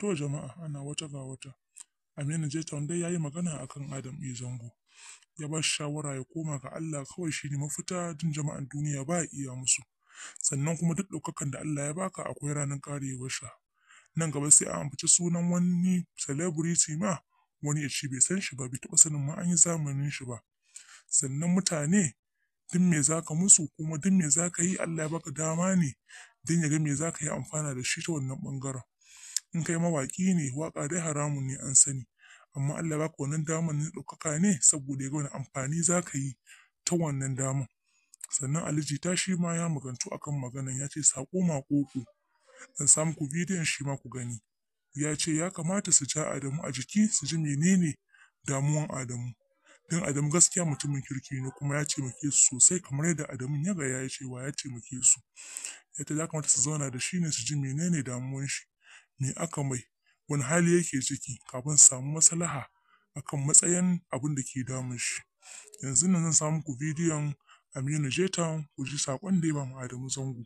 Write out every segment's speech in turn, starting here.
To jama'a ana wata ga wata. Aminu J dai ya yi magana a kan Adam E Zango. Ya ba shi shawara ya koma ga Allah kawai shi ne mafita don jama'an duniya ba iya musu. Sannan kuma duk ɗaukakan da Allah ya baka akwai ranar sha Nan gaba sai a amfaci sunan wani celebrity ma wani ya ci bai san shi ba bai taɓa sanin ma an yi zamanin shi ba. Sannan mutane duk me za ka musu kuma duk me za ka yi Allah ya baka dama ne don ya ga me za ka yi amfana da shi ta wannan ɓangaren. in kai mawaƙi ne waƙa dai haramun ne an sani amma Allah ba baka wannan damar ne ɗaukaka ne saboda ya ga wani amfani za ka yi ta wannan damar. sannan Ali ta shi ma ya magantu akan maganan ya ce saƙo maƙoƙo zan samu ku bidiyon shi ma ku gani ya ce ya kamata su ja Adamu a jiki su ji menene damuwan Adamu don Adamu gaskiya mutumin kirki ne kuma ya ce muke su sosai kamar yadda Adamu ya ga ya ce cewa ya muke su ya ta kamata su zauna da shi ne su ji menene damuwan shi me aka mai, wani hali yake ciki kafin su samu maslaha akan matsayin abin da ke damun shi. yanzu nan zan samu ku bidiyon Aminu Jeta ku ji saƙon da ya ba Adamu Zango,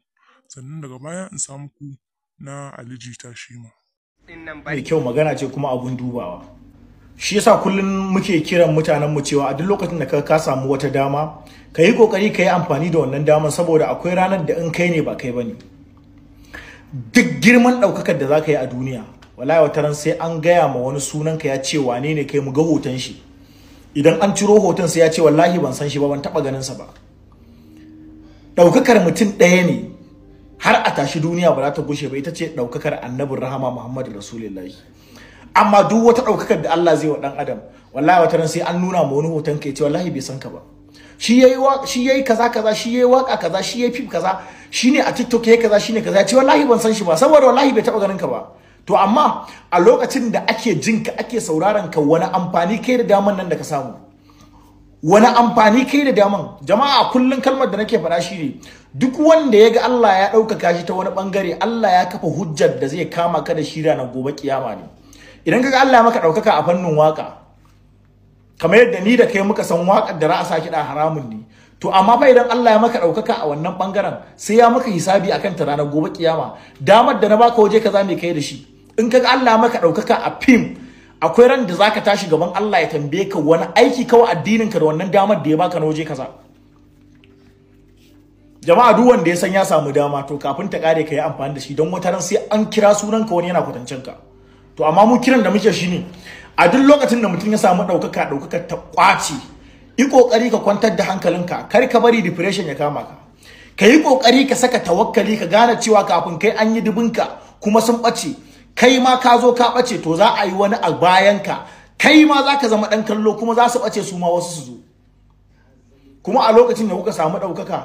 sannan daga baya in samu ku na Ali Jita shi ma. Mai kyau magana ce kuma abun dubawa. Shi yasa kullum muke kiran mutanenmu cewa a duk lokacin da ka samu wata dama, ka yi ƙoƙari ka yi amfani da wannan damar saboda akwai ranar da in kai ne ba kai ba ne. duk girman ɗaukakar da za ka yi a duniya wallahi wata ran sai an gaya ma wani sunanka ya ce wane ne kai mu ga hoton shi idan an ciro hoton sai ya ce wallahi ban san shi ba ban taɓa ganin sa ba ɗaukakar mutum ɗaya ne har a tashi duniya ba za ta gushe ba ita ce ɗaukakar annabin rahama muhammadu rasulullahi amma duk wata ɗaukakar da Allah zai wa ɗan adam wallahi wata ran sai an nuna ma wani hoton ka ya ce wallahi bai san ka ba shi shi yayi kaza kaza shi yayi waka kaza shi yayi fim kaza shine a TikTok ya kaza shine kaza ce wallahi ban san shi ba saboda wallahi bai taba ganin ka ba to amma a lokacin da ake jin ka ake sauraron ka wani amfani kai da daman nan da ka samu wani amfani kai da daman jama'a kullun kalmar da nake faɗa shine duk wanda ya ga Allah ya ɗaukaka shi ta wani bangare Allah ya kafa hujjar da zai kama ka da shi ranar gobe kiyama ne idan kaga Allah ya maka ɗaukaka a fannin waka kamar yadda ni da kai muka san wakar da ra'asa sa kiɗa haramun ne to amma fa idan Allah ya maka ɗaukaka a wannan ɓangaren sai ya maka hisabi akan ta ranar gobe kiyama damar da na baka waje kaza mai kai da shi in kaga Allah ya maka ɗaukaka a fim akwai ran da zaka tashi gaban Allah ya tambaye ka wani aiki kawai addinin ka da wannan damar da ya baka na waje kaza jama'a duk wanda ya san ya samu dama to kafin ta kare ka yi amfani da shi don wata ran sai an kira sunan ka wani yana kwatancin ka to amma mu kiran da muke shi ne, a duk lokacin da mutum ya samu ɗaukaka ɗaukaka ta kwace yi kokari ka kwantar da hankalinka kar ka bari depression ya kama ka ka yi kokari ka saka tawakkali ka gane cewa kafin kai an yi dubinka kuma sun ɓace kai ma ka zo ka ɓace to za a yi wani a bayanka kai ma za ka zama ɗan kallo kuma za su bace su ma wasu su zo kuma a lokacin da kuka samu ɗaukaka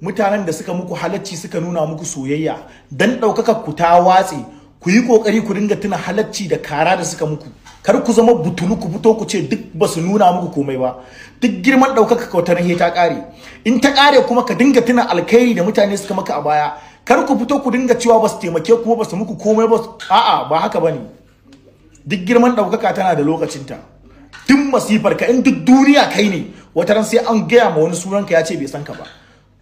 mutanen da suka muku halacci suka nuna muku soyayya dan ɗaukaka ku ta watse ku yi kokari ku dinga tuna halacci da kara da suka muku kar ku zama butulu ku fito ku ce duk ba su nuna muku komai ba duk girman ɗaukaka ka wata ta ƙare in ta ƙare kuma ka dinga tuna alkhairi da mutane suka maka a baya kar ku fito ku dinga cewa ba su taimake ku ba su muku komai ba a'a ba haka bane duk girman ɗaukaka tana da lokacinta duk masifar ka in duk duniya kai ne wata ran sai an gaya ma wani sunanka ya ce bai san ka ba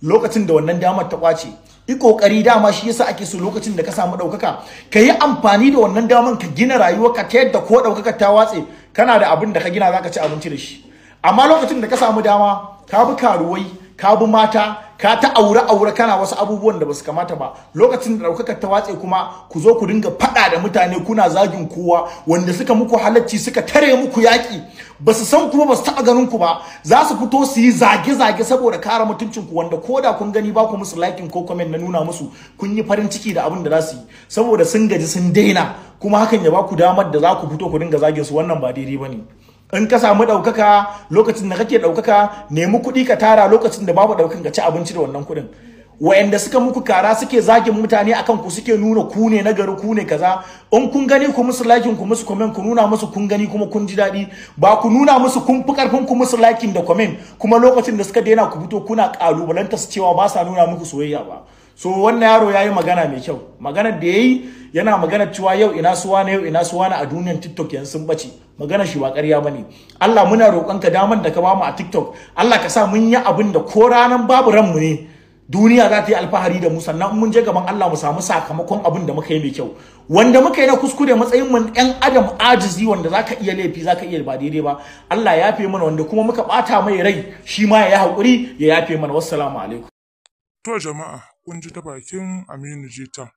lokacin da wannan damar ta kwace yi kokari dama shi yasa ake so lokacin da ka samu ɗaukaka, ka yi amfani da wannan daman ka gina ka ta yadda ko daukaka ta watse kana da abin da ka gina zaka ci abinci da shi amma lokacin da ka samu dama ka bi karuwai ka bi mata ka ta aure aure kana wasu abubuwan da basu kamata ba lokacin da daukakar ta watse kuma ku zo ku dinga fada da mutane kuna zagin kowa wanda suka muku halacci suka tare muku yaki basu san kuma basu taba ganin ku ba za su fito su yi zage zage saboda kare mutuncin ku wanda koda kun gani ba ku musu liking ko comment na nuna musu kun yi farin ciki da abin da za su yi saboda sun gaji sun daina kuma hakan ya ba ku damar da za ku fito ku dinga zage su wannan ba daidai bane in ka samu ɗaukaka lokacin da kake ɗaukaka nemi kuɗi ka tara lokacin da babu ɗaukan ka ci abinci da wannan kuɗin wa'anda suka muku kara suke zagin mutane akan ku suke nuna ku ne na gari ku ne kaza in kun gani ku musu lakin ku musu comment ku nuna musu kun gani kuma kun ji daɗi ba ku nuna musu kun fi karfin ku musu lakin da comment kuma lokacin da suka daina ku fito kuna kalubalanta su cewa ba sa nuna muku soyayya ba so wannan yaro ya yi magana mai kyau magana da ya yi yana magana cewa yau ina suwa na yau ina suwa na a duniyar tiktok yanzu sun bace magana shi ba ƙarya bane Allah muna ka damar da ka ba mu a tiktok Allah ka sa mun yi abin da ko ranan babu ranmu ne duniya za ta yi alfahari da mu sannan mun je gaban Allah mu samu sakamakon abin da muka yi mai kyau wanda muka yi na kuskure matsayin mu ɗan adam ajizi wanda zaka iya laifi zaka iya ba daidai ba Allah ya yafe mana wanda kuma muka bata mai rai shi ma ya yi hakuri ya yafe mana wassalamu alaikum kun ji ta bakin Aminu Jeta.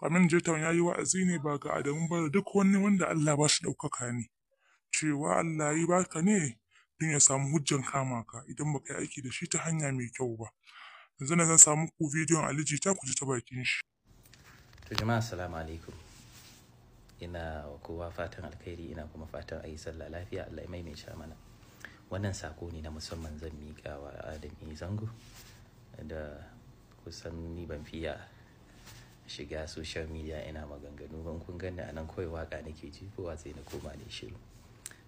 Aminu Jeta ya yi wa'azi ne ba ga Adamu ba da duk wani wanda Allah ba shi ɗaukaka ne, cewa Allah ya baka ne don ya samu hujjan kama ka idan baka yi aiki da shi ta hanya mai kyau ba. Yanzu na zan samu ku bidiyon Ali Jita ku ji ta bakin shi. To jama'a assalamu alaikum. Ina kowa fatan alkhairi ina kuma fatan a sallah lafiya Allah ya maimaita mana. Wannan sako ne na musamman zan miƙa wa Adam Zango da kusan ni ban fiya shiga social media ina maganganu ban kun gani a nan kawai waka nake ji kowa sai na koma ne shiru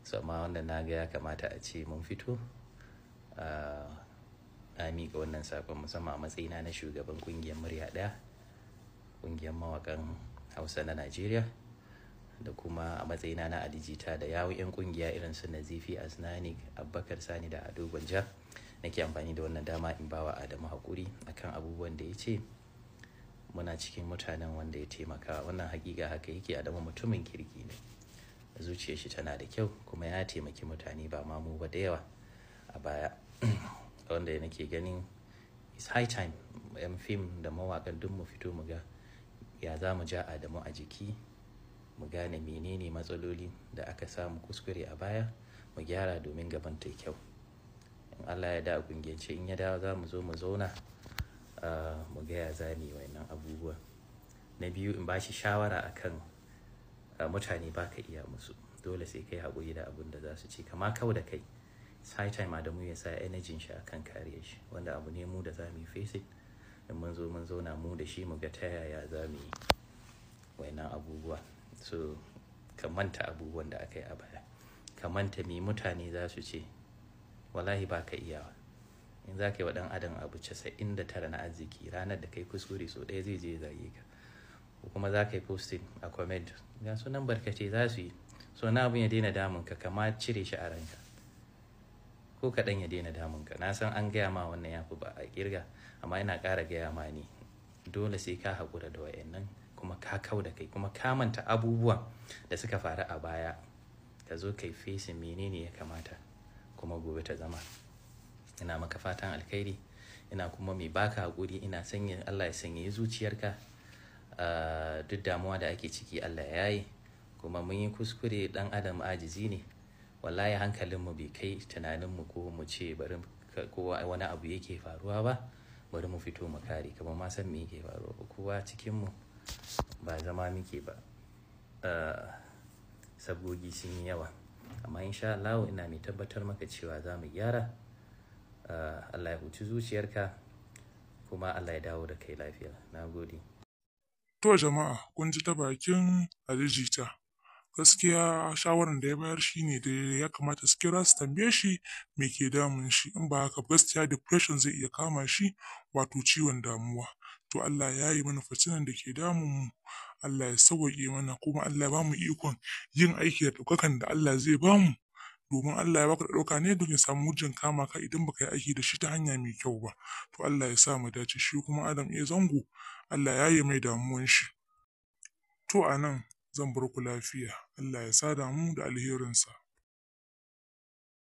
so amma wanda na ga ya kamata a ce mun fito ah, a miƙa wannan sakon musamman a matsayina na shugaban kungiyar murya ɗaya kungiyar mawakan hausa na najeriya da kuma a matsayina na adijita da yawo 'yan kungiya irin su nazifi asnani abubakar sani da ado gwanja nake amfani da wannan dama in bawa adamu hakuri akan abubuwan da ya ce muna cikin mutanen wanda ya taimaka wannan hakika haka yake adamu mutumin kirki ne zuciyar shi tana da kyau kuma ya taimaki mutane ba ma mu ba da yawa a baya wanda nake ganin it's high time yan fim da mawakan duk mu fito mu ga ya za mu ja adamu a jiki mu gane menene matsaloli da aka samu kuskure a baya mu gyara domin gaban ta kyau Allah ya da a in ya dawo za mu zo mu zauna ah, mu gaya za mu yi wannan abubuwa na biyu in ba shi shawara akan ah, mutane ba ka iya musu dole sai kai haƙuri da abin da za su ce kama kau da kai sai time mu ya sa energy shi akan kariya shi wanda abu ne mu da za mu yi face in mun zo mun zauna mu da shi mu ga ta yaya za mu yi wainan abubuwa so ka manta abubuwan da aka yi a baya ka manta me mutane za su ce wallahi ba ka iya iyawa in za ka yi wa ɗan adam abu casa'in da tara na arziki ranar da kai kuskure so ɗaya zai je zage ka ko kuma za ka yi posting a comment ga nan barkace za su yi so na abin ya daina damun ka kama cire shi a ranka ko kaɗan ya daina damun ka na san an gaya ma wannan ya fi ba a kirga amma yana ƙara gaya ma ni dole sai ka haƙura da wayannan kuma ka kau da kai kuma ka manta abubuwan da suka faru a baya ka zo kai fesin menene ya kamata kuma gobe ta zama ina maka fatan alkhairi ina kuma mai baka hakuri ina sanya allah ya sanya zuciyarka ah, duk damuwa da ake ciki allah ya yi kuma mun yi kuskure dan adam ajizi ne wallahi mu bai kai tunaninmu ko mu ce bari kowa wani abu yake faruwa ba bari mu fito mu kare kamar ma san me yake faruwa ba kowa cikinmu ba zama muke ba ah, sabogi sun yi yawa amma insha Allah ina mai tabbatar maka cewa za mu gyara ah, Allah ya huci zuciyarka kuma Allah ya dawo da kai lafiya na gode to jama'a kun ji ta bakin alijita gaskiya shawarar da ya bayar shi ne da ya kamata su kira su tambaye shi me ke damun shi in ba haka gaskiya depression zai iya kama shi wato ciwon damuwa to Allah ya yi mana fitinan da ke damun mu Allah ya sauwaƙe mana kuma Allah ya bamu ikon yin aiki da ɗaukakan da Allah zai bamu. Domin Allah ya baka da ɗauka ne don ya samu mujin kama ka idan baka yi aiki da shi ta hanya mai kyau ba. To Allah ya sa mu dace shi kuma Adam ya zango Allah ya yi mai damuwan shi. To anan zan bar ku lafiya. Allah ya sada mu da alherinsa.